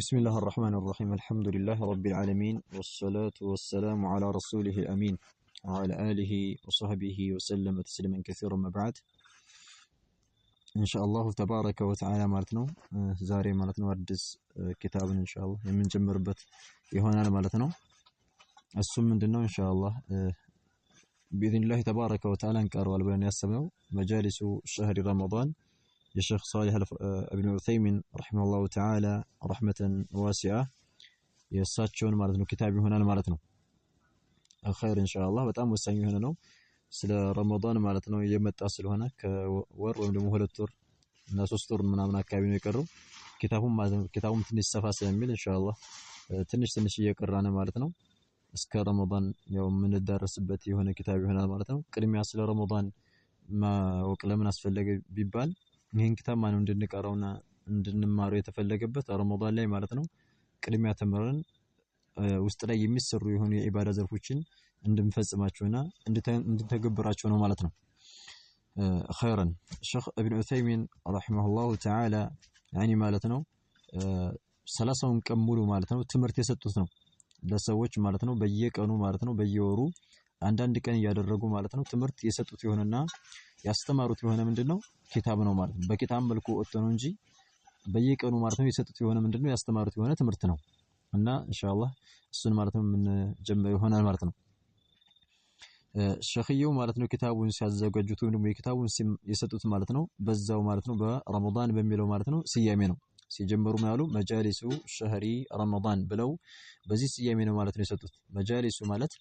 بسم الله الرحمن الرحيم الحمد لله رب العالمين والصلاة والسلام على رسوله الأمين وعلى آله وصحبه وسلم تسليما كثيرا ما بعد إن شاء الله تبارك وتعالى مالتنا زاري مالتنا وردس كتاب إن شاء الله من جمر بت يهونا مالتنا السم من دنو إن شاء الله بإذن الله تبارك وتعالى انكار والبيان يسمعوا مجالس شهر رمضان يا شيخ صالح آه، ابن عثيمين رحمه الله تعالى رحمة واسعة يا ساتشون مارتن كتابي هنا مارتن خير ان شاء الله بتام وسامي هنا نو سلا رمضان مارتن يوم التاصل هنا كور آه، ومن مهلة تور الناس تور من امنا كابين يكرو كتابهم مازن كتابهم تنش سفا سامين ان شاء الله آه، تنش تنش يكرانا مارتن اسكا رمضان يوم من الدرس سبتي هنا كتابي هنا مارتن كريم يا سلا رمضان ما وكلامنا اسفل لك بيبان ይህን ኪታብ ማነው እንድንቀራውና እንድንማረው የተፈለገበት ረመዳን ላይ ማለት ነው። ቅድሚያ ተምረን ውስጥ ላይ የሚሰሩ የሆኑ የኢባዳ ዘርፎችን እንድንፈጽማቸውና እንድንተገብራቸው ነው ማለት ነው። ኸይረን ሼኽ እብን ዑሰይሚን ረሂመሁላሁ ተዓላ ያኒ ማለት ነው ሰላሳውን ቀን ሙሉ ማለት ነው ትምህርት የሰጡት ነው ለሰዎች ማለት ነው በየቀኑ ማለት ነው በየወሩ አንዳንድ ቀን እያደረጉ ማለት ነው ትምህርት የሰጡት የሆነና ያስተማሩት የሆነ ምንድነው ኪታብ ነው ማለት ነው። በኪታብ መልኩ ወጥቶ ነው እንጂ በየቀኑ ማለት ነው የሰጡት የሆነ ምንድነው ያስተማሩት የሆነ ትምህርት ነው እና ኢንሻአላህ እሱን ማለት ነው የምንጀምር ይሆናል ማለት ነው። ሸኽየው ማለት ነው ኪታቡን ሲያዘጋጁት ወይም ደግሞ የኪታቡን የሰጡት ማለት ነው በዛው ማለት ነው በረመዳን በሚለው ማለት ነው ስያሜ ነው ሲጀምሩ ምን አሉ? መጃሊሱ ሸህሪ ረመዳን ብለው በዚህ ስያሜ ነው ማለት ነው የሰጡት። መጃሊሱ ማለት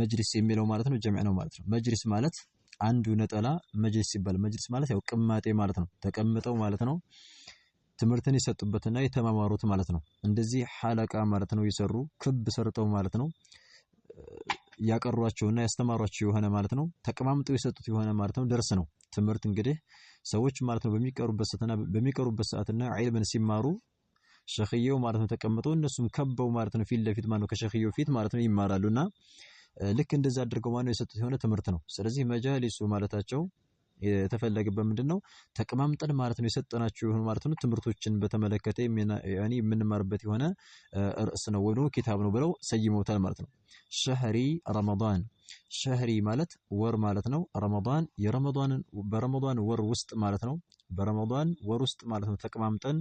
መጅሊስ የሚለው ማለት ነው ጀምዕ ነው ማለት ነው። መጅሊስ ማለት አንዱ ነጠላ መጅሊስ ሲባል መጅሊስ ማለት ያው ቅማጤ ማለት ነው። ተቀምጠው ማለት ነው ትምህርትን የሰጡበትና የተማማሩት ማለት ነው። እንደዚህ ሐለቃ ማለት ነው የሰሩ ክብ ሰርተው ማለት ነው ያቀሯቸውና ያስተማሯቸው የሆነ ማለት ነው ተቀማምጠው የሰጡት የሆነ ማለት ነው ደርስ ነው። ትምህርት እንግዲህ ሰዎች ማለት ነው በሚቀሩበት ሰዓትና በሚቀሩበት ሰዓትና ዒልምን ሲማሩ ሸኽየው ማለት ነው ተቀምጠው እነሱም ከበው ማለት ነው ፊት ለፊት ማለት ነው ከሸኽየው ፊት ማለት ነው ይማራሉና ልክ እንደዛ አድርገው ማነው የሰጡት የሆነ ትምህርት ነው። ስለዚህ መጃሊሱ ማለታቸው የተፈለገበት ምንድነው ተቀማምጠን ማለት ነው የሰጠናችሁ የሆኑ ማለት ነው ትምህርቶችን በተመለከተ ያኔ የምንማርበት የሆነ ርዕስ ነው ወይ ኪታብ ነው ብለው ሰይመውታል ማለት ነው። ሸህሪ ረመዳን ሸህሪ ማለት ወር ማለት ነው። ረመዳን የረመዳንን በረመዳን ወር ውስጥ ማለት ነው በረመዳን ወር ውስጥ ማለት ነው ተቀማምጠን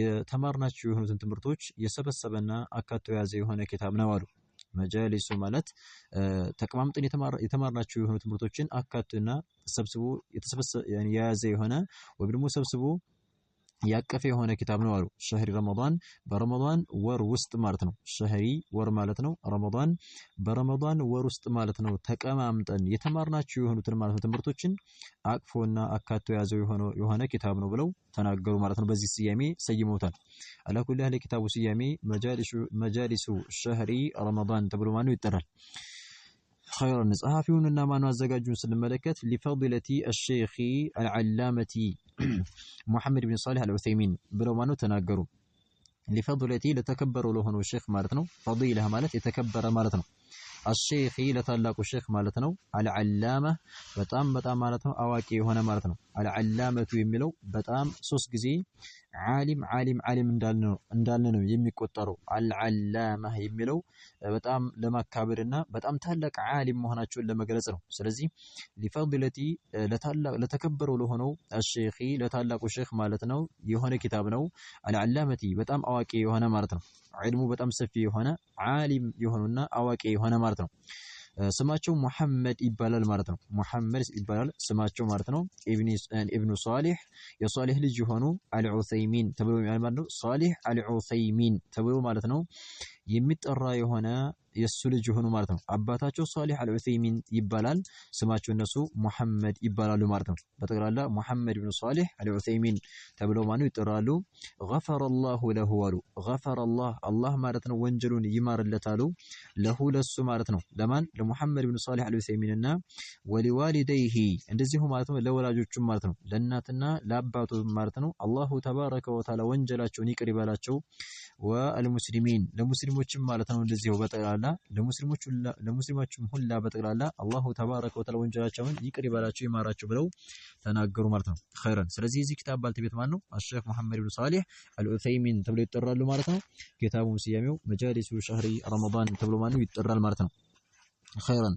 የተማርናቸው የሆኑትን ትምህርቶች የሰበሰበና አካቶ የያዘ የሆነ ኪታብ ነው አሉ። መጃሊሱ ማለት ተቀማምጠን የተማርናቸው የሆኑ ትምህርቶችን አካቶና ሰብስቦ የያዘ የሆነ ወይም ደግሞ ሰብስቦ ያቀፈ የሆነ ኪታብ ነው አሉ። ሸህሪ ረመዳን በረመዳን ወር ውስጥ ማለት ነው። ሸህሪ ወር ማለት ነው። ረመዳን በረመዳን ወር ውስጥ ማለት ነው። ተቀማምጠን የተማርናቸው የሆኑትን ማለት ነው ትምህርቶችን አቅፎና አካቶ የያዘው የሆነ ኪታብ ነው ብለው ተናገሩ ማለት ነው። በዚህ ስያሜ ሰይመውታል። አላኩል ያህል የኪታቡ ስያሜ መጃሊሱ ሸህሪ ረመዳን ተብሎ ማነው ይጠራል። خير الناس أهافيون نعم، إنما نزجاج مسلم ملكة لفضيلة الشيخ العلامة محمد بن صالح العثيمين برومانو تناجرو لفضيلة لتكبروا له الشيخ مالتنا فضيلة مالت يتكبر مالتنا الشيخ لتلاقوا الشيخ مالتنا على علامة بتأم بتأم مالتنا أواكي هنا مالتنا على علامة يملو بتأم سوسكزي ዓሊም ዓሊም ዓሊም እንዳልን ነው የሚቆጠረው። አልዓላማህ የሚለው በጣም ለማካበር እና በጣም ታላቅ ዓሊም መሆናቸውን ለመግለጽ ነው። ስለዚህ ሊፈድለቲ ለተከበረው ለሆነው አሼኺ ለታላቁ ሼኽ ማለት ነው የሆነ ኪታብ ነው። አልዓላመቲ በጣም አዋቂ የሆነ ማለት ነው። ዕልሙ በጣም ሰፊ የሆነ ዓሊም የሆኑና አዋቂ የሆነ ማለት ነው። ስማቸው ሙሐመድ ይባላል ማለት ነው። ሙሐመድ ይባላል ስማቸው ማለት ነው። ኢብኑ ሷሊህ የሷሊህ ልጅ የሆኑ አልዑሰይሚን ተብሎ ማለት ነው። ሷሊህ አልዑሰይሚን ተብሎ ማለት ነው። የሚጠራ የሆነ የሱ ልጅ የሆኑ ማለት ነው። አባታቸው ሷሊህ አልዑሰይሚን ይባላል። ስማቸው እነሱ ሙሐመድ ይባላሉ ማለት ነው። በጠቅላላ ሙሐመድ ብኑ ሷሊህ አልዑሰይሚን ተብለው ማነው ይጠራሉ። ገፈረላሁ ለሁ አሉ። ገፈረላህ አላህ ማለት ነው ወንጀሉን ይማርለታሉ። ለሁ ለሱ ማለት ነው። ለማን ለሙሐመድ ብኑ ሷሊህ አልዑሰይሚን እና ወሊዋሊደይሂ እንደዚሁ ማለት ነው ለወላጆቹ ማለት ነው ለእናትና ለአባቱ ማለት ነው። አላሁ ተባረከ ወተዓላ ወንጀላቸውን ይቅር ይበላቸው። ወአልሙስሊሚን ለሙስሊም ለሙስሊሞችም ማለት ነው እንደዚሁ በጠቅላላ ለሙስሊሞች ለሙስሊማችሁም ሁላ በጠቅላላ አላሁ ተባረከ ወተዓላ ወንጀላቸውን ይቅር ይበላቸው ይማራቸው ብለው ተናገሩ ማለት ነው። ኸይረን ስለዚህ የዚህ ኪታብ ባልተቤት ማን ነው አሸይኽ መሐመድ ኢብኑ ሷሊህ አልዑሰይሚን ተብሎ ይጠራሉ ማለት ነው። ኪታቡም ስያሜው መጃሊሱ ሸህሪ ረመዳን ተብሎ ማን ነው ይጠራል ማለት ነው። ኸይረን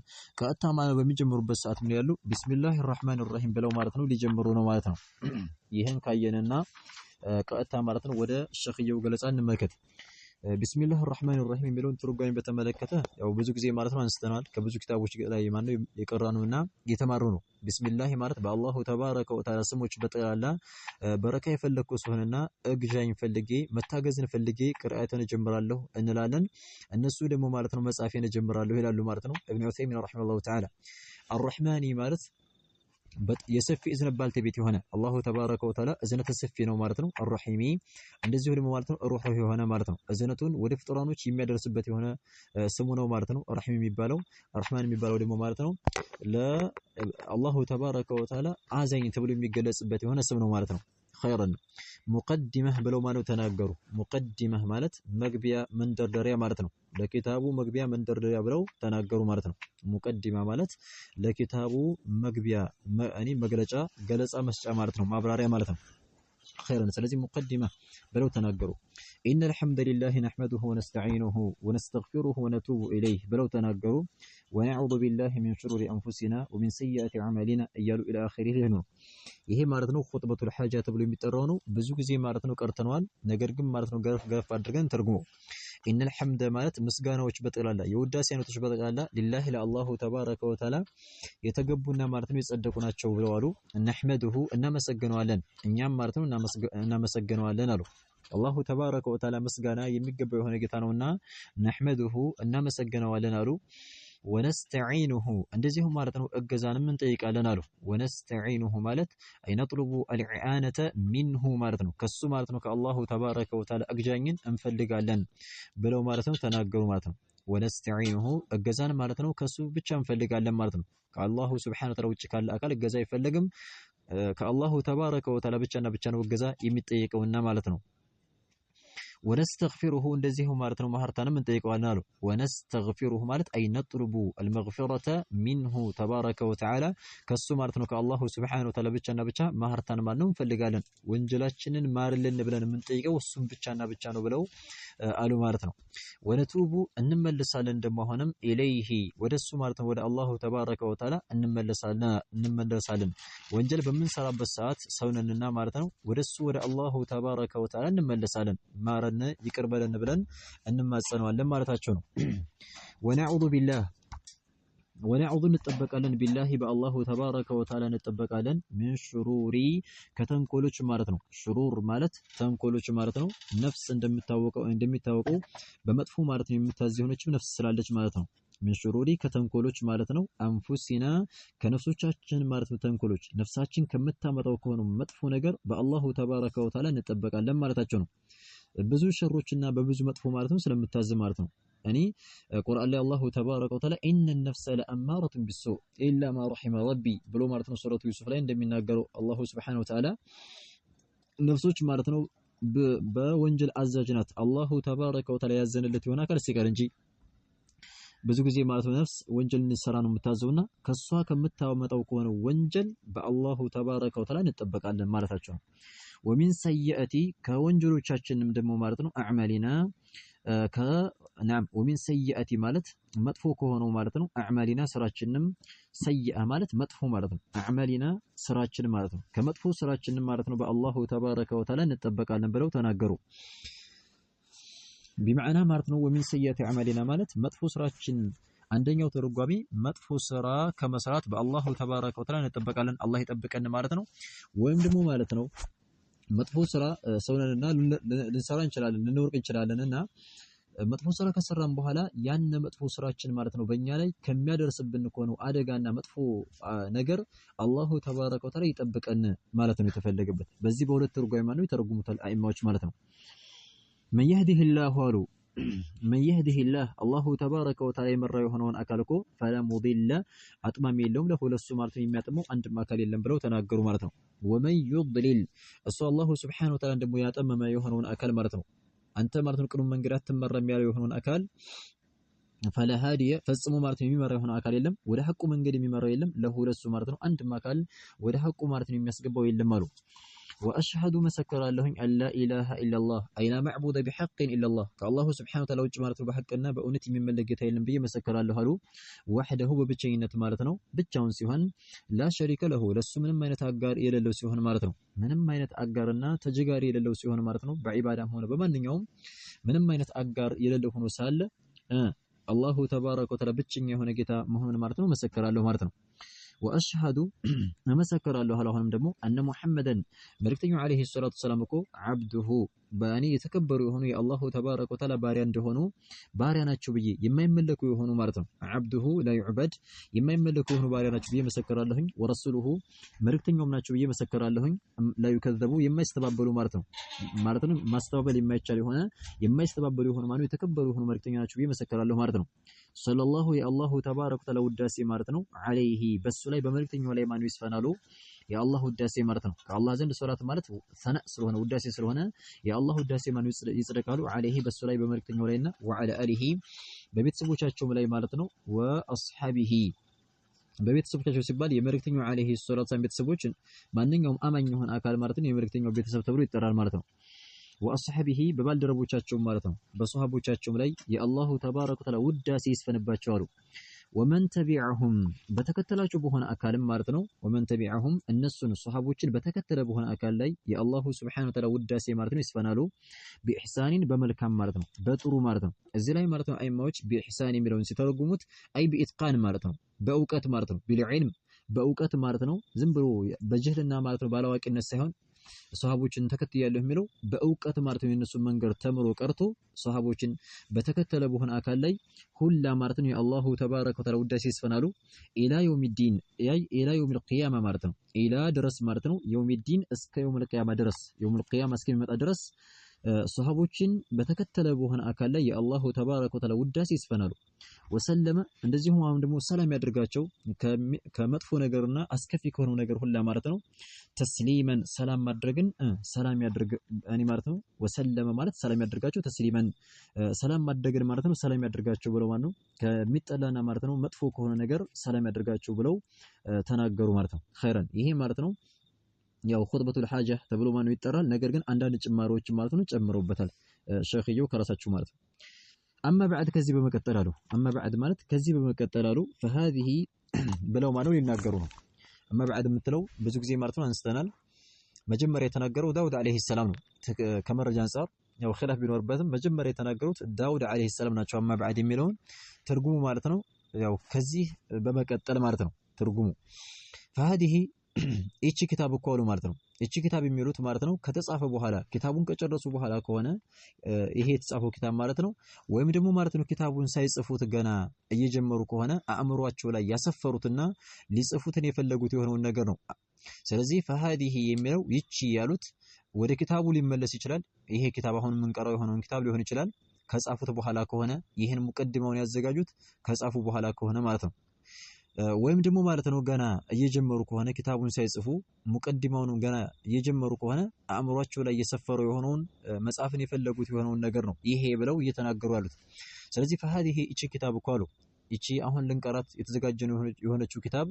ማን በሚጀምሩበት ሰዓት ምን ያሉ ቢስሚላሂ ራህማን ራሂም ብለው ማለት ነው ሊጀምሩ ነው ማለት ነው። ይህን ካየንና ቀጥታ ማለት ነው ወደ ሸኽየው ገለጻ እንመልከት። ቢስሚላህ ራህማን ራሂም የሚለውን ትርጓሜ በተመለከተ ያው ብዙ ጊዜ ማለት ነው አንስተናል። ከብዙ ኪታቦች ላይ ማነው የቀራነውና የተማሩ ነው። ቢስሚላህ ማለት በአላሁ ተባረከ ወተዓላ ስሞች በጠቅላላ በረካ የፈለግኩ ሲሆንና እግዣኝ ፈልጌ መታገዝን ፈልጌ ቅርአትን እጀምራለሁ እንላለን። እነሱ ደግሞ ማለት ነው መጻፌን እጀምራለሁ ይላሉ ማለት ነው። ኢብኑ ዑሰይሚን ረሂመሁላሁ ተዓላ አርራህማኒ ማለት የሰፊ እዝነት ባልተቤት የሆነ አላሁ ተባረከ ወተዓላ እዝነትን ሰፊ ነው ማለት ነው። አርሒሚ እንደዚሁ ደግሞ ማለት ነው ሩህ የሆነ ማለት ነው። እዝነቱን ወደ ፍጡራኖች የሚያደርስበት የሆነ ስሙ ነው ማለት ነው። ረሒም የሚባለው ረሕማን የሚባለው ደግሞ ማለት ነው ለአላሁ ተባረከ ወተዓላ አዛኝ ተብሎ የሚገለጽበት የሆነ ስም ነው ማለት ነው። ኸይረን ሙቀዲመህ ብለው ማለት ተናገሩ። ሙቀዲመህ ማለት መግቢያ መንደርደሪያ ማለት ነው። ለኪታቡ መግቢያ መንደርደሪያ ብለው ተናገሩ ማለት ነው። ሙቀዲማ ማለት ለኪታቡ መግቢያ እኔ መግለጫ ገለጻ መስጫ ማለት ነው። ማብራሪያ ማለት ነው። ኸይረን ስለዚህ ሙቀዲመህ ብለው ተናገሩ። إن الحمد لله نحمده ونستعينه ونستغفره ونتوب إليه بلو تناقروا ونعوذ بالله من شرور أنفسنا ومن سيئة عملنا أيال إلى آخره لنو إيه مارتنو خطبة الحاجة تبلو مترونو بزوك زي مارتنو كارتنوان نقرقم مارتنو غرف غرف بادرغان ترقمو إن الحمد مالت مسقانا وشبت إلى الله يودا سينو تشبت إلى الله لله إلى الله تبارك وتعالى يتقبلنا مارتنو يسألكونا تشوف الوالو نحمده إنما سقنوا لن إنيام مارتنو إنما سقنوا لن አላሁ ተባረከ ወተዓላ ምስጋና የሚገባው የሆነ ጌታ ነውና ነሕመድሁ እናመሰግነዋለን አሉ። ወነስተዒኑሁ እንደዚሁ ማለት ነው እገዛንም እንጠይቃለን አሉ። ወነስተዒኑሁ ማለት አይ ነጥሉቡ አልኢዓነተ ሚንሁ ማለት ነው ከሱ ማለት ነው ከአላሁ ተባረከ ወተዓላ እግዛኝን እንፈልጋለን ብለው ማለት ነው ተናገሩ ማለት ነው። ወነስተዒኑሁ እገዛን ማለት ነው ከሱ ብቻ እንፈልጋለን ማለት ነው። ከአላሁ ሱብሓነሁ ወተዓላ ውጭ ካለ አካል እገዛ አይፈለግም። ከአላሁ ተባረከ ወተዓላ ብቻና ብቻ ነው እገዛ የሚጠየቀውና ማለት ነው። ونستغفره اندزيه مارتن مهرتن من تيقوانا له ونستغفره مارت أي نطلب المغفرة منه تبارك وتعالى كسو مارتن الله سبحانه وتعالى بيتشا نبيتشا مهرتن مارنون فاللي قالن وانجلاتشنن مارلن بلن من تيقو السن بيتشا نبيتشا نبلو አሉ ማለት ነው። ወነቱቡ እንመለሳለን ደግሞ አሁንም ኢለይሂ ወደሱ ማለት ነው ወደ አላሁ ተባረከ ወተዓላ እንመለሳለን። ወንጀል በምንሰራበት ሰዓት ሰውነንና ማለት ነው ወደሱ ወደ አላሁ ተባረከ ወተዓላ እንመለሳለን። ማረን ይቅር በለን ብለን እንማጸነዋለን ማለታቸው ነው። ወነዑዙ ቢላህ ወለዐዙ እንጠበቃለን ቢላሂ በአላሁ ተባረከ ወተዓላ እንጠበቃለን። ምን ሽሩሪ ከተንኮሎች ማለት ነው። ሽሩር ማለት ተንኮሎች ማለት ነው። ነፍስ እንደምታወቀው እንደሚታወቀው በመጥፎ ማለት ነው የምታዝ የሆነችም ነፍስ ስላለች ማለት ነው። ምን ሽሩሪ ከተንኮሎች ማለት ነው። አንፉሲና ከነፍሶቻችን ማለት ነው። ተንኮሎች ነፍሳችን ከምታመጣው ከሆነ መጥፎ ነገር በአላሁ ተባረከ ወተዓላ እንጠበቃለን ማለታቸው ነው። ብዙ ሸሮችና በብዙ መጥፎ ማለት ነው ስለምታዝ ማለት ነው። እኔ ቁርአን ላይ አላሁ ተባረከ ወተዓላ ኢነ ነፍሰ ለአማረቱን ቢሱ ኢላ ማ ረሒመ ረቢ ብሎ ማለት ነው። ሱረቱ ዩሱፍ ላይ እንደሚናገረው አላሁ ስብሓነሁ ወተዓላ ነፍሶች ማለት ነው በወንጀል አዛዥ ናት። አላሁ ተባረከ ወተዓላ ያዘነለት የሆነ አካል ሲቀር እንጂ ብዙ ጊዜ ማለት ነው ነፍስ ወንጀል እንሰራ ነው የምታዘውና ከሷ ከምታመጣው ከሆነ ወንጀል በአላሁ ተባረከ ወተዓላ እንጠበቃለን ማለታቸው ነው። ወሚን ሰይአቲ ከወንጀሎቻችንም ደግሞ ማለት ነው አዕማሊና ከናም ወሚን ሰይአቲ ማለት መጥፎ ከሆነው ማለት ነው። አዕማሊና ስራችንም ሰይአ ማለት መጥፎ ማለት ነው። አዕማሊና ስራችን ማለት ነው። ከመጥፎ ስራችንም ማለት ነው በአላሁ ተባረከ ወተዓላ እንጠበቃለን ብለው ተናገሩ። ቢመዕና ማለት ነው ወሚን ሰይአቲ አዕማሊና ማለት መጥፎ ስራችን አንደኛው ተርጓሚ መጥፎ ስራ ከመስራት በአላሁ ተባረከ ወተዓላ እንጠበቃለን፣ አላህ ይጠብቀን ማለት ነው። ወይም ደግሞ ማለት ነው መጥፎ ስራ ሰውነንና ልንሰራ እንችላለን፣ ልንወርቅ እንችላለን እና መጥፎ ስራ ከሰራን በኋላ ያን መጥፎ ስራችን ማለት ነው በእኛ ላይ ከሚያደርስብን ከሆነው አደጋና መጥፎ ነገር አላሁ ተባረከ ወተዓላ ይጠብቀን ማለት ነው የተፈለገበት። በዚህ በሁለት ትርጓሜ ነው የተረጉሙታል አይማዎች ማለት ነው። መን የህዲህ ላሁ አሉ መን የህዲሂላህ አላሁ ተባረከ ወተዓላ የመራው የሆነውን አካል እኮ ፈላ አጥማሚ የለውም ለሁ ማለት ነው የሚያጥመው አንድም አካል የለም ብለው ተናገሩ ማለት ነው። ወመን ዩድሊል እሱ አላሁ ስብሓነሁ ወተዓላ ደግሞ ያጠመመ የሆነውን አካል ማለት ነው። አንተ ማለት ነው ቅኑ መንገድ አትመራም ያለው የሆነውን አካል ፈላ ሃዲየ ፈጽሞ ማለት ነው የሚመራው የሆነ አካል የለም። ወደ ሐቁ መንገድ የሚመራው የለም ለሁ ማለት ነው አንድም አካል ወደ ሐቁ ማለት ነው የሚያስገባው የለም አሉ። وأشهد ما سكر لهم أن لا إله إلا الله أي لا معبود بحق إلا الله كالله سبحانه وتعالى وجمارة بحق النبى أنتي من ملقيت إلى النبي ما سكر له وحده هو بتشين مارتنو بتشون سيهن لا شريك له لس من ما نتأجر إلى لو سيهن مارتنو من ما نتأجرنا تجار إلى لو سيهن مارتنو بعبادة هون بمن يوم من ما نتأجر إلى لو هون سال أه. الله تبارك وتعالى بتشين يهون جتا مهون مارتنو ما سكر له مارتنو ወአሽሃዱ እመሰክራለሁ አላሁንም ደግሞ አነ ሙሐመደን መልእክተኛው ዓለይሂ ሰላቱ ሰላም እኮ ዓብዱሁ በእኔ የተከበሩ የሆኑ የአላሁ ተባረከ ወተዓላ ባሪያ እንደሆኑ ባሪያ ናቸው ብዬ የማይመለኩ የሆኑ ማለት ነው። አብዱሁ ላዩዕበድ የማይመለኩ የሆኑ ባሪያ ናቸው ብዬ መሰከራለሁኝ። ወረሱሉሁ መልክተኛውም ናቸው ብዬ መሰከራለሁኝ። ላዩከዘቡ የማይስተባበሉ ማለት ነው። ማለት ነው ማስተባበል የማይቻል የሆነ የማይስተባበሉ የሆኑ ማለት የተከበሩ የሆኑ መልእክተኛ ናቸው ብዬ መሰከራለሁ ማለት ነው። ሰለላሁ የአላሁ ተባረከ ወተዓላ ውዳሴ ማለት ነው። አለይሂ በሱ ላይ በመልእክተኛው ላይ ማነው ይስፈናሉ የአላህ ውዳሴ ማለት ነው። ከአላህ ዘንድ ሶላት ማለት ሰነእ ስለሆነ ውዳሴ ስለሆነ የአላህ ውዳሴ ማን ይጽደቃሉ? አለይሂ በሱ ላይ በመልክተኛው ላይና ወዐለ አሊሂ በቤተሰቦቻቸውም ላይ ማለት ነው። ወአስሐቢሂ በቤተሰቦቻቸው ሲባል የመልክተኛው አለይሂ ሰላቱ ቤተሰቦች ማንኛውም አማኝ የሆነ አካል ማለት ነው የመልክተኛው ቤተሰብ ተብሎ ይጠራል ማለት ነው። ወአስሐቢሂ በባልደረቦቻቸውም ማለት ነው በሰሃቦቻቸውም ላይ የአላሁ ተባረከ ወተዓላ ውዳሴ ይስፈንባቸው አሉ። ወመን ተቢዐሁም በተከተላቸው በሆነ አካልም ማለት ነው። ወመን ተቢዐሁም እነሱን ሶሐቦችን በተከተለ በሆነ አካል ላይ የአላሁ ስብሐነሁ ወተዓላ ውዳሴ ማለት ነው ይስፈናሉ። ቢኢሕሳኒን በመልካም ማለት ነው፣ በጥሩ ማለት ነው። እዚህ ላይ ማለት ነው አይማዎች ቢኢሕሳን የሚለውን ሲተረጉሙት አይ ቢኢትቃን ማለት ነው፣ በእውቀት ማለት ነው፣ ቢልዕልም በእውቀት ማለት ነው። ዝም ብሎ በጅህልና ማለት ነው ባላዋቂነት ሳይሆን ሰሃቦችን ተከትያለሁ የሚለው በእውቀት ማለት ነው የነሱ መንገድ ተምሮ ቀርቶ ሰሃቦችን በተከተለ በሆነ አካል ላይ ሁላ ማለት ነው የአላሁ ተባረከ ወተዓላ ውዳሴ ይስፈናሉ። ኢላ የውሚዲን ያይ ኢላ የውሚል ቂያማ ማለት ነው ኢላ ድረስ ማለት ነው የውሚዲን እስከ የውሚል ቂያማ ድረስ የውሚል ቂያማ እስከሚመጣ ድረስ ሰሃቦችን በተከተለ በሆነ አካል ላይ የአላሁ ተባረከ ወተዓላ ውዳሴ ይስፈናሉ። ወሰለመ እንደዚሁም አሁን ደግሞ ሰላም ያደርጋቸው ከመጥፎ ነገርና አስከፊ ከሆነው ነገር ሁላ ማለት ነው። ተስሊመን ሰላም ማድረግን ሰላም ያድርግ እኔ ማለት ነው። ወሰለመ ማለት ሰላም ያደርጋቸው፣ ተስሊመን ሰላም ማድረግን ማለት ነው። ሰላም ያደርጋቸው ብለው ማለት ነው። ከሚጠላና ማለት ነው መጥፎ ከሆነ ነገር ሰላም ያደርጋቸው ብለው ተናገሩ ማለት ነው። ኸይረን ይሄ ማለት ነው ያው ኹጥበቱል ሐጀ ተብሎ ማነው ይጠራል። ነገር ግን አንዳንድ ጭማሮዎች ማለት ነው ጨምረውበታል ሸኺዩ ከራሳቸው ማለት ነው። አማ በዕድ ከዚህ በመቀጠል አሉ አማ በዕድ ማለት ከዚህ በመቀጠል አሉ ፈሃዚህ ብለው ማነው ሊናገሩ ነው። አማ በዕድ የምትለው ብዙ ጊዜ ማለት ነው አንስተናል። መጀመሪያ የተናገረው ዳውድ አለይሂ ሰላም ነው። ከመረጃ አንጻር ያው ኺላፍ ቢኖርበትም መጀመሪያ የተናገሩት ዳውድ አለይሂ ሰላም ናቸው። አማ በዕድ የሚለውን ትርጉሙ ማለት ነው ያው ከዚህ በመቀጠል ማለት ነው ትርጉሙ ፈሃዚህ እቺ ኪታብ እኮ አሉ ማለት ነው። እቺ ኪታብ የሚሉት ማለት ነው ከተጻፈ በኋላ ኪታቡን ከጨረሱ በኋላ ከሆነ ይሄ የተጻፈው ኪታብ ማለት ነው። ወይም ደግሞ ማለት ነው ኪታቡን ሳይጽፉት ገና እየጀመሩ ከሆነ አእምሯቸው ላይ ያሰፈሩትና ሊጽፉትን የፈለጉት የሆነውን ነገር ነው። ስለዚህ ፈሃዲሂ የሚለው ይቺ ያሉት ወደ ኪታቡ ሊመለስ ይችላል። ይሄ ኪታብ አሁን የምንቀራው የሆነውን ኪታብ ሊሆን ይችላል። ከጻፉት በኋላ ከሆነ ይህን ሙቀድመውን ያዘጋጁት ከጻፉ በኋላ ከሆነ ማለት ነው። ወይም ደግሞ ማለት ነው ገና እየጀመሩ ከሆነ ኪታቡን ሳይጽፉ ሙቀዲማውን ገና እየጀመሩ ከሆነ አእምሯቸው ላይ እየሰፈረው የሆነውን መጽሐፍን የፈለጉት የሆነውን ነገር ነው ይሄ ብለው እየተናገሩ ያሉት። ስለዚህ فهذه እቺ ኪታብ እኮ አሉ ይቺ አሁን ልንቀራት የተዘጋጀ የሆነችው ኪታብ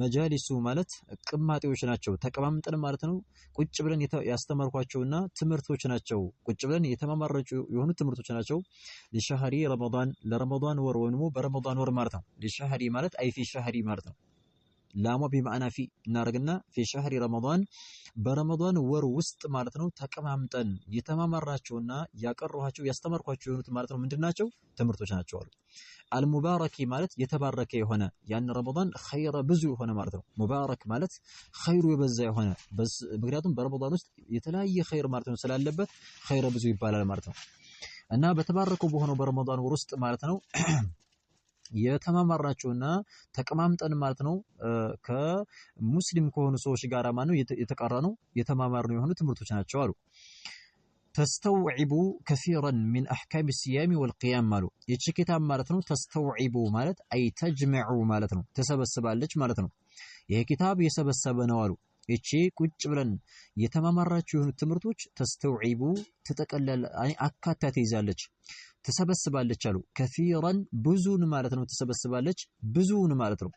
መጃሊሱ ማለት ቅማጤዎች ናቸው። ተቀማምጠን ማለት ነው ቁጭ ብለን ያስተማርኳቸውና ትምህርቶች ናቸው። ቁጭ ብለን የተማማረጩ የሆኑ ትምህርቶች ናቸው። ለሻህሪ ረመዳን ለረመዳን ወር ወይም በረመዳን ወር ማለት ነው። ለሻህሪ ማለት አይፊ ሻህሪ ማለት ነው። ላሟ ቢማዕና ፊ እናደርግና ፊ ሸህሪ ረመዷን በረመዷን ወር ውስጥ ማለት ነው። ተቀማምጠን የተማማራቸውና ያቀረኋቸው ያስተማርኳቸው የሆኑት ማለት ነው ምንድን ናቸው? ትምህርቶች ናቸው አሉ። አልሙባረኪ ማለት የተባረከ የሆነ ያን ረመዷን ኸይረ ብዙ የሆነ ማለት ነው። ሙባረክ ማለት ኸይሩ የበዛ የሆነ ምክንያቱም በረመዷን ውስጥ የተለያየ ኸይር ማለት ነው ስላለበት ኸይረ ብዙ ይባላል ማለት ነው። እና በተባረከው በሆነው በረመዷን ወር ውስጥ ማለት ነው የተማማርናቸውና ተቀማምጠን ማለት ነው ከሙስሊም ከሆኑ ሰዎች ጋር ማለት ነው የተቃረኑ ነው የሆኑ ትምህርቶች ናቸው አሉ። ተስተውዒቡ ከሲረን ሚን አሕካም ሲያሚ ወልቅያም አሉ። ኪታብ ማለት ነው ተስተውዒቡ ማለት አይ ተጅመዑ ማለት ነው ተሰበስባለች ማለት ነው። ይሄ ኪታብ የሰበሰበ ነው አሉ። እቺ ቁጭ ብለን የተማማራቸው የሆኑ ትምህርቶች ተስተውዒቡ ትጠቀለል አካታ ትይዛለች። ትሰበስባለች አሉ። ከፊረን ብዙን ማለት ነው። ትሰበስባለች ብዙን ማለት ነው።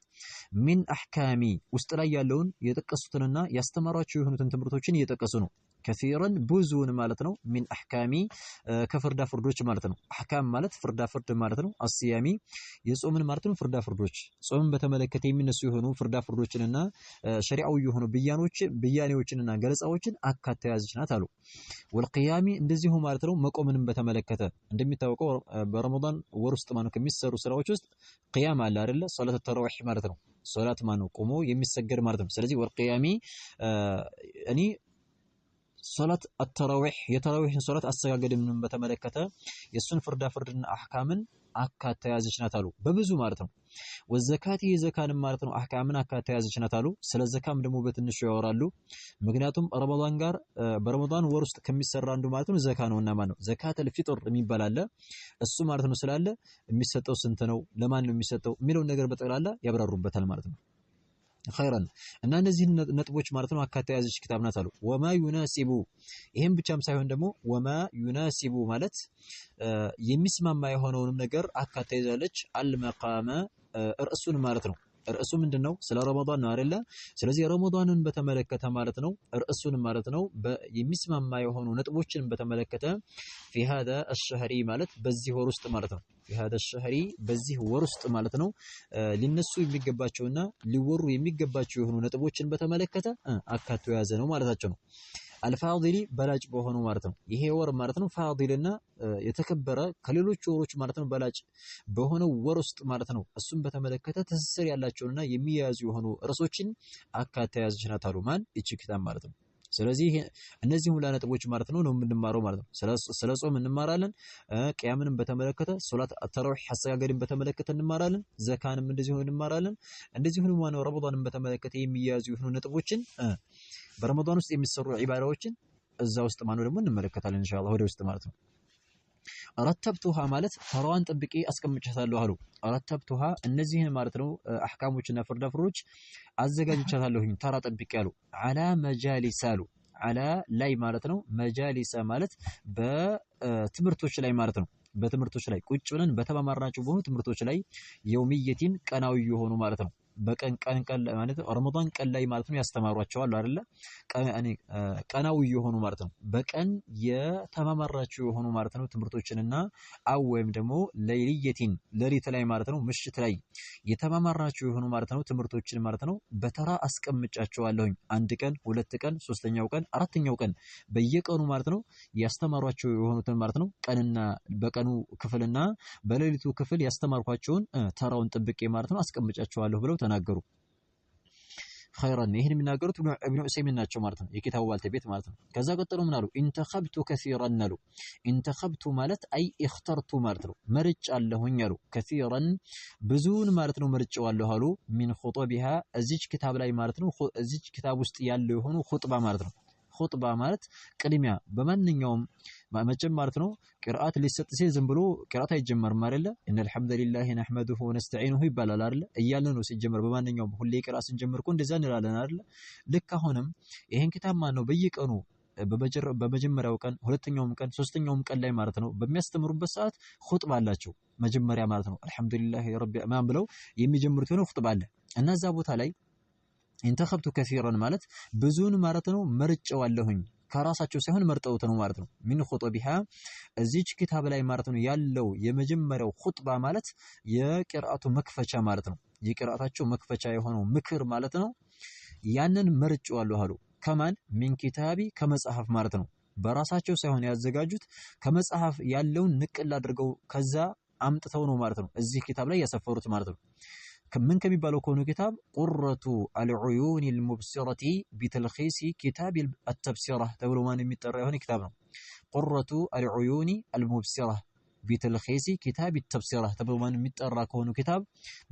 ሚን አህካሚ ውስጥ ላይ ያለውን የጠቀሱትንና ያስተማሯቸው የሆኑትን ትምህርቶችን እየጠቀሱ ነው። ከሲረን ብዙውን ማለት ነው። ሚን አሕካሚ ከፍርዳ ፍርዶች ማለት ነው። አሕካም ማለት ፍርዳ ፍርድ ማለት ነው። አስያሚ የጾምን ማለት ነው። ፍርዳ ፍርዶች ጾምን በተመለከተ የሚነሱ የሆኑ ፍርዳ ፍርዶችንና ሸሪዓዊ የሆኑ ብያኖች ብያኔዎችንና ገለጻዎችን አካታ የያዘች ናት አሉ። ወልቅያሚ እንደዚሁ ማለት ነው። መቆምንም በተመለከተ እንደሚታወቀው በረመዳን ወር ውስጥ ማነው ከሚሰሩ ስራዎች ውስጥ ቅያም አለ አይደለ? ሶላት ተራዊሕ ማለት ነው። ሶላት ማነው ቆሞ የሚሰገድ ማለት ነው። ስለዚህ እኔ ሶላት አተራዊሕ የተራዊሕን ሶላት አሰጋገድን በተመለከተ የእሱን ፍርዳ ፍርድና አህካምን አካታ የያዘች ናት አሉ። በብዙ ማለት ነው። ወዘካት የዘካንም ማለት ነው አህካምን አካታ የያዘች ናት አሉ። ስለ ዘካም ደግሞ በትንሹ ያወራሉ። ምክንያቱም ረመዳን ጋር በረመዳን ወር ውስጥ ከሚሰራ አንዱ ማለት ነው ዘካ ነውና ማለት ነው ዘካተል ፊጥር የሚባል አለ። እሱ ማለት ነው ስላለ የሚሰጠው ስንት ነው፣ ለማን ነው የሚሰጠው የሚለውን ነገር በጠቅላላ ያብራሩበታል ማለት ነው። ኸይረን እና እነዚህ ነጥቦች ማለት ነው አካታ የያዘች ኪታብ ናት አሉ። ወማ ዩናሲቡ ይህም ብቻም ሳይሆን ደግሞ ወማ ዩናሲቡ ማለት የሚስማማ የሆነውንም ነገር አካታ ይዛለች። አልመቃመ ርዕሱን ማለት ነው ርዕሱ ምንድን ነው? ስለ ረመዳን ነው አይደለ? ስለዚህ ረመዳንን በተመለከተ ማለት ነው ርዕሱን ማለት ነው የሚስማማ የሆኑ ነጥቦችን በተመለከተ ፊ ሃዛ አሽህሪ ማለት በዚህ ወር ውስጥ ማለት ነው ፊ ሃዛ አሽህሪ በዚህ ወር ውስጥ ማለት ነው ሊነሱ የሚገባቸውና ሊወሩ የሚገባቸው የሆኑ ነጥቦችን በተመለከተ አካቶ የያዘ ነው ማለታቸው ነው። አልፋዲሊ በላጭ በሆነው ማለት ነው። ይሄ ወር ማለት ነው ፋዲልና የተከበረ ከሌሎች ወሮች ማለት ነው በላጭ በሆነው ወር ውስጥ ማለት ነው። እሱም በተመለከተ ትስስር ያላቸውና የሚያያዙ የሆኑ ርዕሶችን አካታ የያዘች ናት አሉ ማን እቺ ክታብ ማለት ነው። ስለዚህ እነዚህ ሁላ ነጥቦች ማለት ነው ነው የምንማረው ማለት ነው። ስለ ጾም እንማራለን። ቅያምንም በተመለከተ ሶላት ተራዊህ አሰጋገድን በተመለከተ እንማራለን። ዘካንም እንደዚህ እንደዚሁ እንማራለን። እንደዚህ እንደዚሁ ማነው ረመዳንን በተመለከተ የሚያያዙ የሆኑ ነጥቦችን በረመዳን ውስጥ የሚሰሩ ዒባዳዎችን እዛ ውስጥ ማኑ ደግሞ እንመለከታለን ኢንሻአላህ ወደ ውስጥ ማለት ነው። ረተብቱሃ ማለት ተራዋን ጥብቄ አስቀምጫታለሁ አሉ። ረተብቱሃ እነዚህን ማለት ነው አህካሞችና ፍርዳፍሮች አዘጋጅቻታለሁኝ ተራ ጥብቄ አሉ። አላ መጃሊስ አሉ አላ ላይ ማለት ነው መጃሊስ ማለት በትምህርቶች ላይ ማለት ነው በትምህርቶች ላይ ቁጭ ብለን በተማማርናቸው በሆኑ ትምህርቶች ላይ የውሚየቲን ቀናዊ የሆኑ ማለት ነው በቀን ቀን ቀን ማለት ረመዳን ቀን ላይ ማለት ነው ያስተማሯቸዋል አይደለ? ቀናዊ የሆኑ ማለት ነው በቀን የተማማራቸው የሆኑ ማለት ነው ትምህርቶችንና አው ወይም ደግሞ ለይልየቲን ለሊት ላይ ማለት ነው ምሽት ላይ የተማማራቸው የሆኑ ማለት ነው ትምህርቶችን ማለት ነው በተራ አስቀምጫቸዋለሁኝ። አንድ ቀን፣ ሁለት ቀን፣ ሶስተኛው ቀን፣ አራተኛው ቀን በየቀኑ ማለት ነው ያስተማሯቸው የሆኑትን ማለት ነው ቀንና በቀኑ ክፍልና በሌሊቱ ክፍል ያስተማርኳቸውን ተራውን ጥብቄ ማለት ነው አስቀምጫቸዋለሁ ብለው ተናገሩ። ኸይረን ይህን የሚናገሩት እብኑ ዑሰይሚን ናቸው ማለት ነው፣ የኪታቡ ባልተቤት ማለት ነው። ከዛ ቀጥሎ ምን አሉ? ኢንተኸብቱ ከሲረን አሉ። ኢንተኸብቱ ማለት አይ እኽተርቱ ማለት ነው፣ መርጫለሁኝ አሉ። ከሲረን ብዙውን ማለት ነው መርጬዋለሁ አሉ። ሚን ኹጡቢሃ እዚች ኪታብ ላይ ማለት ነው፣ እዚች ኪታብ ውስጥ ያለው የሆኑ ኹጥባ ማለት ነው። ኹጥባ ማለት ቅድሚያ በማንኛውም መቼም ማለት ነው ቅርአት ሊሰጥ ሲል ዝም ብሎ ቅርአት አይጀመርም አይደለ? እነ ሐምደሊላሂ ነህመዱሁ ወነስተዒኑሁ ይባላል አይደለ? እያለ ነው ሲጀመር። በማንኛውም ሁሌ ቅርአት ስንጀምር እኮ እንደዛ እንላለን አይደለ? ልክ አሁንም ይሄን ኪታብ ማነው በየቀኑ በመጀመሪያው ቀን ሁለተኛውም ቀን ሶስተኛውም ቀን ላይ ማለት ነው በሚያስተምሩበት ሰዓት ኹጥባ አላቸው። መጀመሪያ ማለት ነው አልሐምዱሊላሂ ረቢ ማን ብለው የሚጀምሩት የሆነ ኹጥባ አለ እና እዛ ቦታ ላይ ኢንተኸብቱ ከሲረን ማለት ብዙውን ማለት ነው መርጬዋለሁኝ ከራሳቸው ሳይሆን መርጠውት ነው ማለት ነው። ሚን ኹጥቢሃ እዚች ኪታብ ላይ ማለት ነው ያለው የመጀመሪያው ኹጥባ ማለት የቅርአቱ መክፈቻ ማለት ነው። የቅርአታቸው መክፈቻ የሆነው ምክር ማለት ነው። ያንን መርጬዋለሁ አሉ። ከማን ሚን ኪታቢ ከመጽሐፍ ማለት ነው። በራሳቸው ሳይሆን ያዘጋጁት ከመጽሐፍ ያለውን ንቅል አድርገው ከዛ አምጥተው ነው ማለት ነው እዚህ ኪታብ ላይ ያሰፈሩት ማለት ነው። من كميبالو كونو كتاب قرة العيون المبصرة بتلخيص كتاب التبصرة تقولوا ما نمت هون كتابنا قرة العيون المبصرة بتلخيص كتاب التبصرة تبሎ ما نمت ከሆኑ كتاب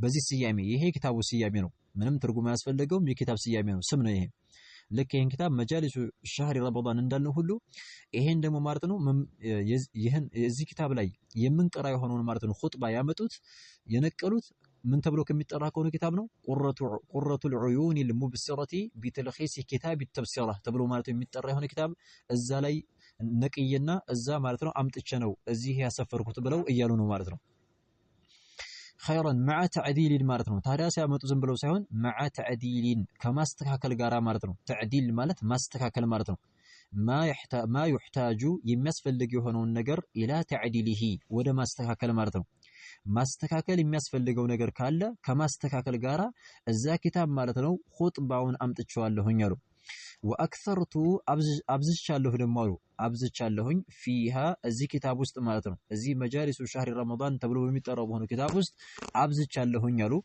بزي سيامي يهي كتاب ስያሜ من ምንም ትርጉም አያስፈልገውም። የኪታብ ስያሜ ነው፣ ስም ነው ይሄ። ልክ ይሄን ኪታብ መጃሊሱ ሻህሪ ረመዳን እንዳልነው ሁሉ ይሄን ደግሞ ማለት ነው ይህን እዚህ ኪታብ ላይ የምንቀራ የሆነውን ማለት ነው ምን ተብሎ ከሚጠራ ከሆነ ኪታብ ነው ቁረቱል ዑዩን ልሙብስረቲ ቢተልኺሲ ኪታብ ተብሲራ ተብሎ ማለት የሚጠራ የሆነ ኪታብ እዛ ላይ ነቅዬና እዛ ማለት ነው አምጥቼ ነው እዚህ ያሰፈርኩት ብለው እያሉ ነው ማለት ነው። ኸይረን መዓ ተዕዲሊን ማለት ነው። ታዲያ ሲያመጡ ዝም ብለው ሳይሆን መዓ ተዕዲሊን ከማስተካከል ጋር ማለት ነው። ተዕዲል ማለት ማስተካከል ማለት ነው። ማ ዩሕታጁ የሚያስፈልግ የሆነውን ነገር ኢላ ተዕዲሊሂ ወደ ማስተካከል ማለት ነው። ማስተካከል የሚያስፈልገው ነገር ካለ ከማስተካከል ጋራ እዛ ኪታብ ማለት ነው ሁጥባውን አምጥቼዋለሁኝ አሉ። ወአክሰርቱ አብዝቻለሁ ደግሞ አሉ አብዝቻለሁኝ ፊሃ እዚህ ኪታብ ውስጥ ማለት ነው እዚህ መጃሊሱ ሻህሪ ረመዳን ተብሎ በሚጠራው በሆነ ኪታብ ውስጥ አብዝቻለሁኝ አሉ።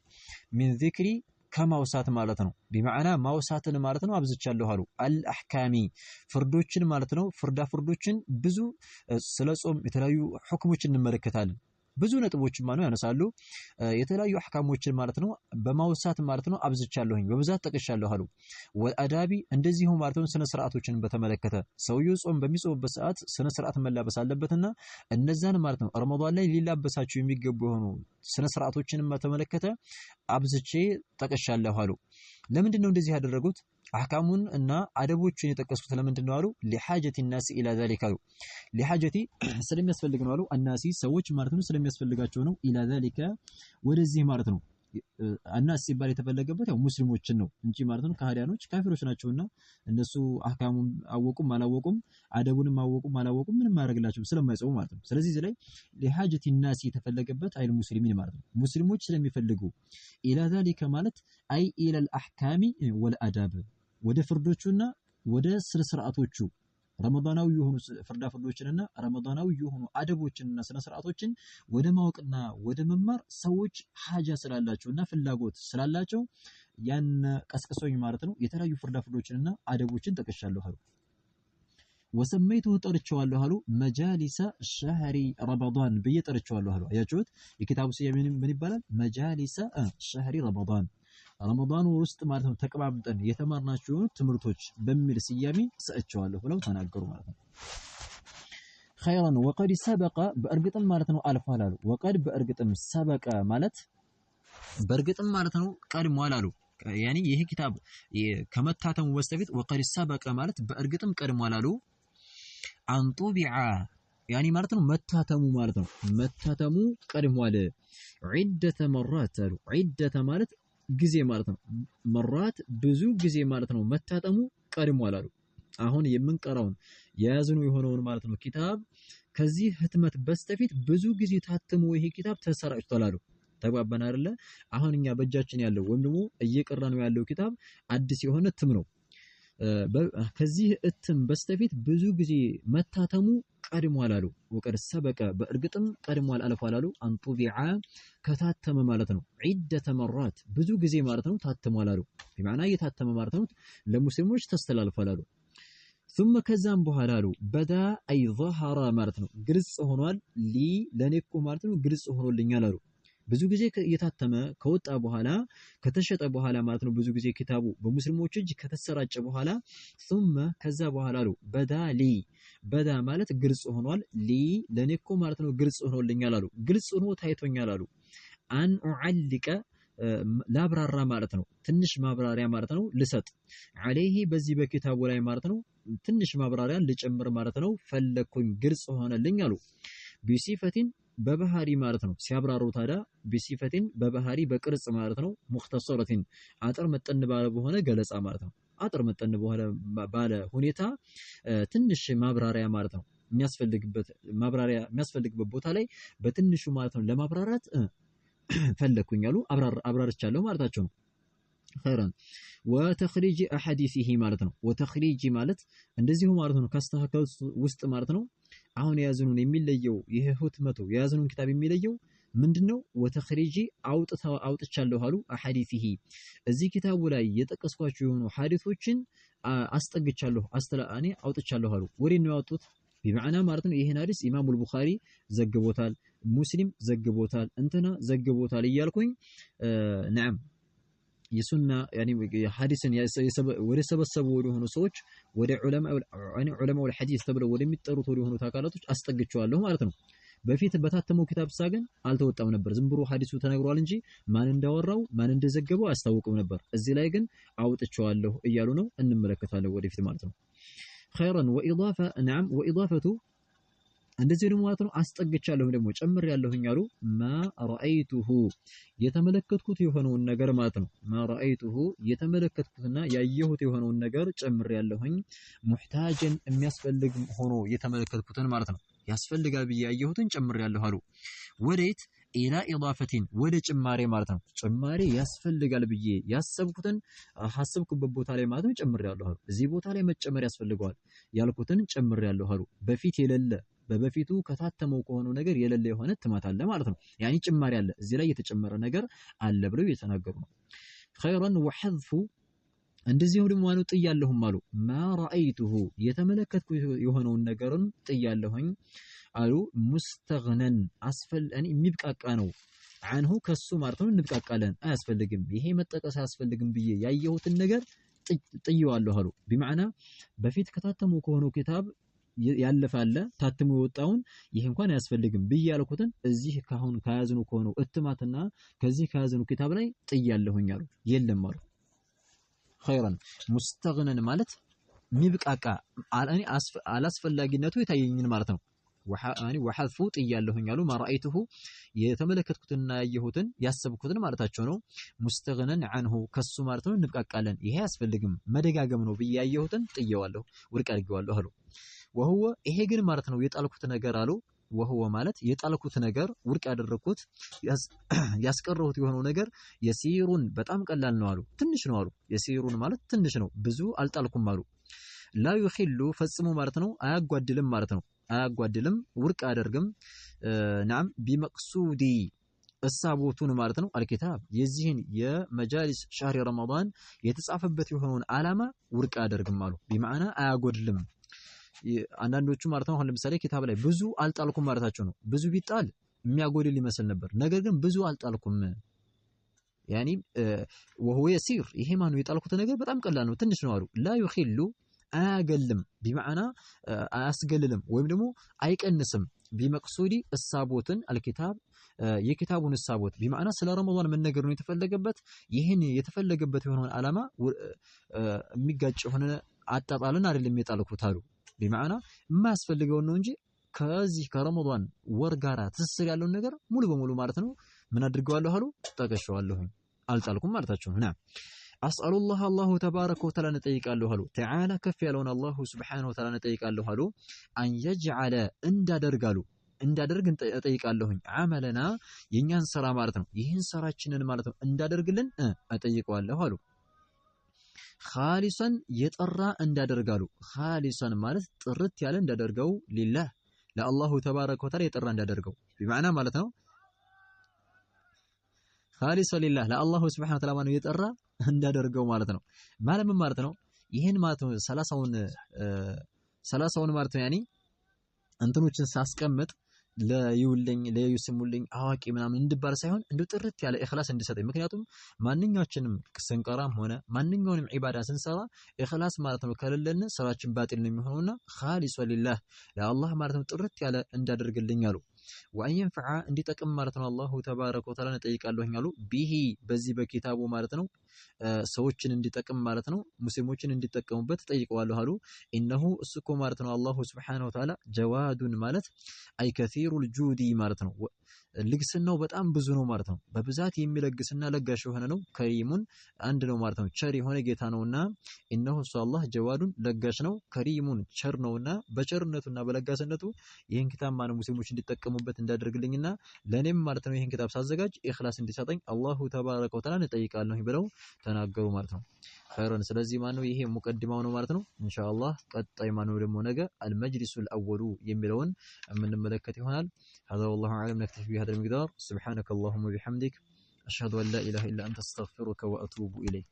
ሚን ዚክሪ ከማውሳት ማለት ነው ቢማዕና ማውሳትን ማለት ነው አብዝቻለሁ አሉ። አልአሕካሚ ፍርዶችን ማለት ነው ፍርዳ ፍርዶችን ብዙ ስለ ጾም የተለያዩ ሑክሞች እንመለከታለን። ብዙ ነጥቦችን ማነው ያነሳሉ። የተለያዩ አህካሞችን ማለት ነው በማውሳት ማለት ነው አብዝቻለሁኝ በብዛት ጠቅሻለሁ አሉ። ወአዳቢ እንደዚሁ ማለት ነው ስነ ስርዓቶችን በተመለከተ ሰውየው ጾም በሚጾምበት ሰዓት ስነ ስርዓት መላበስ አለበትና እነዛን ማለት ነው ረመዳን ላይ ሊላበሳቸው የሚገቡ የሆኑ ስነ ስርዓቶችን በተመለከተ አብዝቼ ጠቅሻለሁ አሉ። ለምንድን ነው እንደዚህ ያደረጉት? አህካሙን እና አደቦችን የጠቀስኩት ለምንድን ነው አሉ። ሊሓጀቲ ናሲ ኢላ ዛሊክ አሉ። ሊሓጀቲ ስለሚያስፈልግ ነው አሉ። አናሲ ሰዎች ማለት ነው ስለሚያስፈልጋቸው ነው። ኢላ ዛሊከ ወደዚህ ማለት ነው። አናስ ሲባል የተፈለገበት ያው ሙስሊሞችን ነው እንጂ ማለት ነው ከሃዲያኖች ካፊሮች ናቸውና እነሱ አህካሙን አወቁም አላወቁም አደቡንም አወቁም አላወቁም ምንም አያደርግላቸውም ስለማይጽቡ ማለት ነው። ስለዚህ እዚህ ላይ ሊሓጀቲ ናሲ የተፈለገበት አይል ሙስሊሚን ማለት ነው። ሙስሊሞች ስለሚፈልጉ ኢላ ዛሊከ ማለት አይ ኢለል አህካሚ ወል አዳብ ወደ ፍርዶቹና ወደ ስር ስርዓቶቹ ረመዳናዊ የሆኑ ፍርዳ ፍርዶችንና ረመዳናዊ የሆኑ አደቦችንና ስነ ስርዓቶችን ወደ ማወቅና ወደ መማር ሰዎች ሀጃ ስላላቸውና ፍላጎት ስላላቸው ያን ቀስቅሶኝ ማለት ነው። የተለያዩ ፍርዳ ፍርዶችንና አደቦችን ጠቅሻለሁ አሉ። ወሰመይቱሁ ጠርቼዋለሁ አሉ። መጃሊሰ ሸህሪ ረመዳን ብዬ ጠርቼዋለሁ አሉ። አያችሁት? የኪታቡ ስያሜ ምን ይባላል? መጃሊሰ ሸህሪ ረመዳን ረመዳኑ ውስጥ ማለት ነው ተቀባብጠን የተማርናቸውን ትምህርቶች በሚል ስያሜ ሰጥቼዋለሁ ብለው ተናገሩ ማለት ነው። ኸይረን ወቀድ ሰበቀ በእርግጥም ማለት ነው አልፏል አሉ። ወቀድ በእርግጥም ሰበቀ ማለት በእርግጥም ማለት ነው ቀድሟል አሉ። ያኒ ይሄ ኪታብ ከመታተሙ በስተፊት ወቀድ ሰበቀ ማለት በእርግጥም ቀድሟል አሉ። አንጡቢዓ ያኔ ማለት ነው መታተሙ ማለት ነው መታተሙ ቀድሟል። ዒደተ መራት አሉ። ዒደተ ማለት ጊዜ ማለት ነው። መራት ብዙ ጊዜ ማለት ነው። መታጠሙ ቀድሟል አሉ። አሁን የምንቀራውን የያዝኑ የሆነውን ማለት ነው ኪታብ ከዚህ ህትመት በስተፊት ብዙ ጊዜ ታትሞ ይሄ ኪታብ ተሰራጭቷል አሉ። ተግባባን አይደለ? አሁን እኛ በእጃችን ያለው ወይም ደግሞ እየቀራ ነው ያለው ኪታብ አዲስ የሆነ ትም ነው። ከዚህ እትም በስተፊት ብዙ ጊዜ መታተሙ ቀድሟል አሉ። ወቀድ ሰበቀ በእርግጥም ቀድሟል አልፏል አሉ። አንጡቢዓ ከታተመ ማለት ነው። ዒደተ መራት ብዙ ጊዜ ማለት ነው። ታትሟል አሉ። በማዕና እየታተመ ማለት ነው። ለሙስሊሞች ተስተላልፏል አሉ። ثم ከዛም በኋላ አሉ በዳ አይ ظهر ማለት ነው። ግልጽ ሆኗል ሊ ለኔ እኮ ማለት ነው። ግልጽ ሆኖልኛል አሉ ብዙ ጊዜ እየታተመ ከወጣ በኋላ ከተሸጠ በኋላ ማለት ነው። ብዙ ጊዜ ኪታቡ በሙስሊሞች እጅ ከተሰራጨ በኋላ ሱመ ከዛ በኋላ አሉ በዳ ሊ በዳ ማለት ግልጽ ሆኗል። ሊ ለኔኮ እኮ ማለት ነው ግልጽ ሆኖልኛል አሉ። ግልጽ ሆኖ ታይቶኛል አሉ። አን ኡዓሊቀ ላብራራ ማለት ነው። ትንሽ ማብራሪያ ማለት ነው ልሰጥ አለይሂ በዚህ በኪታቡ ላይ ማለት ነው ትንሽ ማብራሪያን ልጨምር ማለት ነው። ፈለኩኝ ግልጽ ሆነልኝ አሉ ቢሲፈቲን በባህሪ ማለት ነው። ሲያብራሩ ታዲያ ቢሲፈቲን በባህሪ በቅርጽ ማለት ነው። ሙክተሰረቲን አጥር መጠን ባለ በሆነ ገለጻ ማለት ነው። አጥር መጠን ባለ ሁኔታ ትንሽ ማብራሪያ ማለት ነው። የሚያስፈልግበት ማብራሪያ የሚያስፈልግበት ቦታ ላይ በትንሹ ማለት ነው ለማብራራት ፈለግኩኝ ያሉ አብራርቻለሁ ማለታቸው ነው። ኸይረን ወተኽሪጅ አሐዲሲሂ ማለት ነው። ወተኽሪጅ ማለት እንደዚሁ ማለት ነው። ካስተካከሉት ውስጥ ማለት ነው አሁን የያዝኑን የሚለየው ይሄ ህትመቱ የያዝኑን ኪታብ የሚለየው ምንድነው? ወተኽሪጂ አውጥተው አውጥቻለሁ አሉ አሐዲሲሂ እዚህ ኪታቡ ላይ የጠቀስኳቸው የሆኑ ሐዲሶችን አስጠግቻለሁ አስተላአኔ አውጥቻለሁ አሉ። ወዴት ነው ያወጡት? ቢመዓና ማለት ነው ይሄን ሐዲስ ኢማሙል ቡኻሪ ዘግቦታል፣ ሙስሊም ዘግቦታል፣ እንትና ዘግቦታል እያልኩኝ ነዓም የሱና ሀዲስን ወደሰበሰቡ ወደሆኑ ሰዎች ወደ ዑለማውል ሐዲስ ተብለው ወደሚጠሩት ወደሆኑት አካላቶች አስጠግቸዋለሁ ማለት ነው። በፊት በታተመው ኪታብ ሳ ግን አልተወጣም ነበር። ዝም ብሎ ሐዲሱ ተነግሯል እንጂ ማን እንዳወራው ማን እንደዘገበው አያስታውቅም ነበር። እዚህ ላይ ግን አውጥቸዋለሁ እያሉ ነው። እንመለከታለን ወደፊት ማለት ነው። ኸይረን ወኢዳፈቱ እንደዚህ ደግሞ ማለት ነው አስጠግቻለሁ ደግሞ ጨምር ያለሁኝ አሉ ማ ረአይቱሁ የተመለከትኩት የሆነውን ነገር ማለት ነው። ማ የተመለከትኩትና ያየሁት የሆነውን ነገር ጨምር ያለሁኝ ሙሕታጅን የሚያስፈልግ ሆኖ የተመለከትኩትን ማለት ነው። ያስፈልጋል ብዬ ያየሁትን ጨምር ያለሁ አሉ። ወዴት ኢላ ኢዳፈቲን ወደ ጭማሬ ማለት ነው። ጭማሬ ያስፈልጋል ብዬ ያሰብኩትን ሀሰብኩበት ቦታ ላይ ማለት ነው ጨምር ያለሁ አሉ። እዚህ ቦታ ላይ መጨመር ያስፈልገዋል ያልኩትን ጨምር ያለሁ አሉ። በፊት የሌለ በበፊቱ ከታተመው ከሆነው ነገር የሌለ የሆነ ትመት አለ ማለት ነው። ያኒ ጭማሪ አለ እዚህ ላይ የተጨመረ ነገር አለ ብለው እየተናገሩ ነው። ኸይረን ወሐዝፉ እንደዚሁ ደግሞ አሉ ጥያለሁም አሉ ማ ረአይቱሁ የተመለከትኩ የሆነውን ነገርን ጥያለሁኝ አሉ ሙስተግነን አስፈል የሚብቃቃ ነው አንሁ ከሱ ማለት ነው እንብቃቃለን አያስፈልግም ይሄ መጠቀስ አያስፈልግም ብዬ ያየሁትን ነገር ጥየዋለሁ አሉ ቢማዕና በፊት ከታተሙ ከሆነው ኪታብ ያለፋለ ታትሞ የወጣውን ይህ እንኳን አያስፈልግም ብዬ ያልኩትን እዚህ ካሁን ከያዝኑ ከሆነው እትማትና ከዚህ ከያዝኑ ኪታብ ላይ ጥያለሁኝ አሉ። የለም አሉ። ኸይረን ሙስተግነን ማለት ሚብቃቃ አላኒ አላስፈላጊነቱ የታየኝን ማለት ነው። ወሐኒ ወሐፉ ጥያለሁኝ አሉ። ማራአይቱሁ የተመለከትኩትና ያየሁትን ያሰብኩትን ማለታቸው ነው። ሙስተግነን አንሁ ከሱ ማለት ነው። እንብቃቃለን፣ ይሄ አያስፈልግም መደጋገም ነው ብዬ ያየሁትን ጥየዋለሁ፣ ውድቅ አድርጌዋለሁ አሉ። ወህወ ይሄ ግን ማለት ነው የጣልኩት ነገር አሉ። ወህወ ማለት የጣልኩት ነገር ውድቅ ያደረግኩት ያስቀረሁት የሆነው ነገር የሲሩን በጣም ቀላል ነው አሉ። ትንሽ ነው አሉ። የሲሩን ማለት ትንሽ ነው፣ ብዙ አልጣልኩም አሉ። ላ ዩሂሉ ፈጽሞ ማለት ነው አያጓድልም ማለት ነው። አያጓድልም ውድቅ አያደርግም። ናም ቢመቅሱዲ እሳቦቱን ማለት ነው አልኪታብ የዚህን የመጃሊስ ሻህሪ ረመዳን የተጻፈበት የሆነውን ዓላማ ውድቅ አያደርግም አሉ። ቢማዕና አያጎድልም አንዳንዶቹ ማለት ነው አሁን ለምሳሌ ኪታብ ላይ ብዙ አልጣልኩም ማለታቸው ነው። ብዙ ቢጣል የሚያጎድል ይመስል ነበር። ነገር ግን ብዙ አልጣልኩም ያኒ ወሁወ የሲር ይሄ ማነው የጣልኩት ነገር በጣም ቀላል ነው፣ ትንሽ ነው አሉ ላ ዩኺሉ አያገልም ቢማዕና አያስገልልም ወይም ደግሞ አይቀንስም ቢመቅሱዲ እሳቦትን አልኪታብ የኪታቡን እሳቦት ቢማዕና ስለ ረመዳን መነገር ነው የተፈለገበት። ይህን የተፈለገበት የሆነውን ዓላማ የሚጋጭ የሆነ አጣጣልን አይደለም የጣልኩት አሉ ቢማዕና የማያስፈልገውን ነው እንጂ ከዚህ ከረመዷን ወር ጋራ ትስስር ያለውን ነገር ሙሉ በሙሉ ማለት ነው ምን አድርገዋለሁ አሉ ጠቀሸዋለሁኝ። አልጣልኩም ማለታቸው ነው። አስአሉላህ አላሁ ተባረከ ወተዓላን እጠይቃለሁ አሉ ተዓላ ከፍ ያለውን አላሁ ሱብሓነሁ ወተዓላን እጠይቃለሁ አሉ አን የጅዐለ እንዳደርጋሉ እንዳደርግ እጠይቃለሁኝ ዓመለና የእኛን ስራ ማለት ነው ይህን ስራችንን ማለት ነው እንዳደርግልን እጠይቀዋለሁ አሉ ካሊሰን የጠራ እንዳደርጋሉ። ካሊሰን ማለት ጥርት ያለ እንዳደርገው ሊላህ ለአላሁ ተባረከ ወተዓላ የጠራ እንዳደርገው ቢማዕና ማለት ነው። ካሊሰን ሊላህ ለአላሁ ስብሐነ ወተዓላ ማነው የጠራ እንዳደርገው ማለት ነው። ማለምን ማለት ነው። ይህን ማለት ነው ሰላሳውን ሰላሳውን ማለት ነው ያኔ እንትኖችን ሳስቀምጥ ለይውልኝ ለዩ ስሙልኝ አዋቂ ምናምን እንድባል ሳይሆን እንደ ጥርት ያለ ኢኽላስ እንድሰጠኝ። ምክንያቱም ማንኛችንም ስንቀራም ሆነ ማንኛውንም ዒባዳ ስንሰራ ኢኽላስ ማለት ነው ከሌለን ስራችን ባጢል ነው የሚሆነውና ኻሊሶ ሊላህ ለአላህ ማለት ነው ጥርት ያለ እንዳደርግልኝ አሉ። ወአየን ፈዓ እንዲጠቅም ማለት ነው አላሁ ተባረከ ወተዓላ እጠይቃለሁኝ አሉ። ቢሂ በዚህ በኪታቡ ማለት ነው ሰዎችን እንዲጠቅም ማለት ነው ሙስሊሞችን እንዲጠቀሙበት ጠይቀዋለሁ አሉ። ኢነሁ እሱ እኮ ማለት ነው አላሁ ሱብሓነሁ ወተዓላ ጀዋዱን ማለት አይ ከሲሩል ጁዲ ማለት ነው ልግስናው በጣም ብዙ ነው ማለት ነው። በብዛት የሚለግስና ለጋሽ የሆነ ነው። ከሪሙን አንድ ነው ማለት ነው። ቸር የሆነ ጌታ ነውና ኢነሁ እሱ አላህ ጀዋዱን ለጋሽ ነው። ከሪሙን ቸር ነውና በቸርነቱና በለጋስነቱ ይህን ኪታብ ማነው ሙስሊሞች እንዲጠቀሙበት እንዳደርግልኝና ለእኔም ማለት ነው ይህን ኪታብ ሳዘጋጅ ኢኽላስ እንዲሰጠኝ አላሁ ተባረከ ወተዓላ እጠይቃለሁ ብለው ተናገሩ ማለት ነው። ኸይረን ስለዚህ ማነው ይሄ ሙቀድማው ነው ማለት ነው። ኢንሻአላህ ቀጣይ ማነው ደግሞ ነገ አልመጅሊሱል አወሉ የሚለውን የምንመለከት ይሆናል። هذا والله اعلم نكتفي بهذا المقدار سبحانك اللهم بحمدك أشهد أن لا إله إلا أنت أستغفرك وأتوب إليك